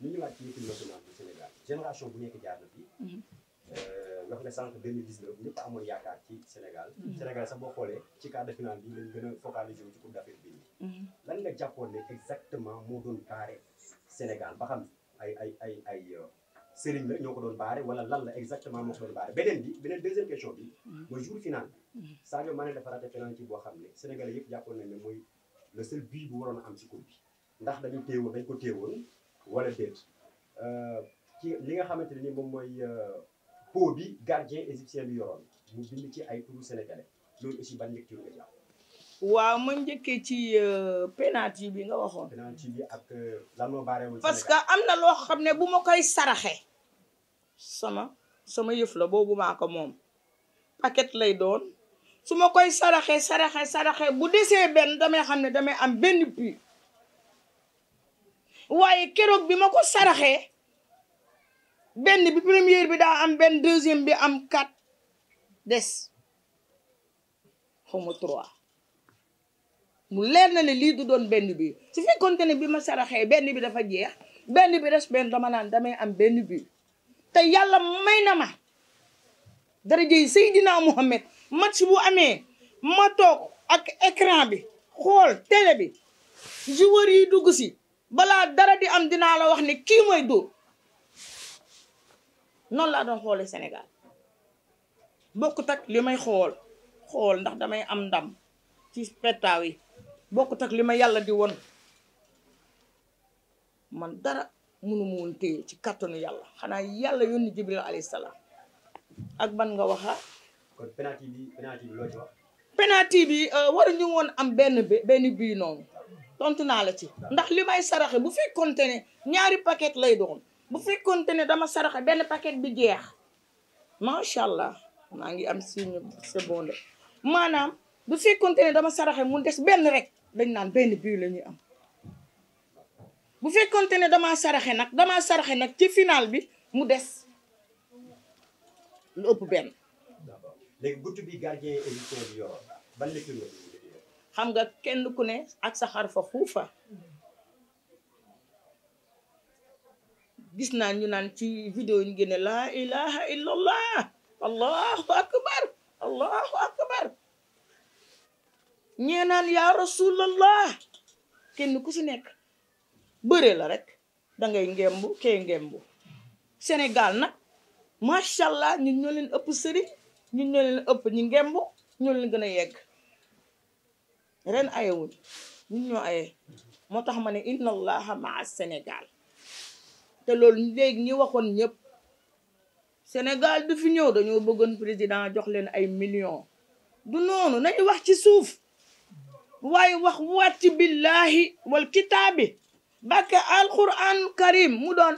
ñu ñëwaat ci équipe nationale bi Sénégal génération bu nekk jaar na fii. wax mhm. euh, nga sànq 2019 ñëpp amoon yaakaar ci Sénégal. Mhm. Sénégal sax boo xoolee ci quart de finale bi lañ la a focaliser wu ci coupe d'Afrique mhm. jàppoon ne exactement moo doon baare Sénégal ba xam ay ay ay ay euh, sëriñ la ñoo ko doon baare wala lan la exactement moo ko doon baare beneen bi beneen deuxième question bi. mooy jour final bi. Sadio Mané dafa raté penalty boo xam ne Sénégalais yëpp jàppoon nañ ne mooy le seul but bu waroon a ndax dañu téewoon dañ ko téewoon. wala déet euh, li nga xamante ne ni moom mooy euh, pot bi gardien égyptien ci ay turu sénégalais loolu waaw ma njëkkee ci euh, penalty bi nga waxoon. bi ak lan parce que am na loo xam ne bu ma koy saraxee sama sama yëf la boobu maa moom paquet lay doon su ma koy saraxe saraxe saraxe bu desee benn damay xam ne damay am benn puits. waaye keroog bi ma ko saraxee benn bi première bi daa am benn deuxième bi am quatre des xawma trois mu leer na ne lii du doon benn bi su fekkoonte ne bi ma saraxee benn bi dafa jeex benn bi des dama naan damay am benn bi te yàlla may na ma dara daraja yi Seydina Mohamed si bu amee ma toog ak écran bi xool télé bi joueur yi dugg si balaa dara di am dinaa la wax ni kii mooy dóor noonu laa doon xoole Sénégal bokkut ak li may xool xool ndax damay am ndam ci pettaaw yi bokkut ak li ma yàlla di woon man dara munu woon téye ci kàttanu yàlla xanaa yàlla yónni Jibril alayhi salaam ak ban nga waxa kon penalty bi penalty bi euh, woon am benn benn bii noonu. tontu naa la ci ndax li may saraxe bu fekkoonte ne ñaari paquet lay doon bu fekkoonte ne dama saraxe benn paquet bi jeex macha allah maa ngi am signe seconde maanaam bu fekkoonte ne dama saraxe mu des benn rek dañ naan benn bii la ñuy am bu fekkoonte ne damaa saraxe nag damaa saraxe nag ci final bi mu des lu ëpp benn. léegi guddi bi gardien xam nga kenn ku ne ak sa xarfa xuufa gis naa ñu naan ci video ñu génne laa ilaha illallah allahu akbar allahu akbar ñee naan yaa rasulallah kenn ku si nekk bëre la rek dangay ngay ngemb kay ngemb Sénégal nag macha allah ñun leen ëpp sëriñ ñu ñoo ëpp ñi ngemb ñoo gën a yegg ren ayewuñ ñun ñoo ayee moo tax ma ne inna allaha maa Sénégal te loolu léegi ñi waxoon ñëpp Sénégal du fi ñëw dañoo bëggoon président jox leen ay millions du noonu nañu wax ci suuf waaye wax waat ci billahi wal kitaabi bàkke alquran karim mu doon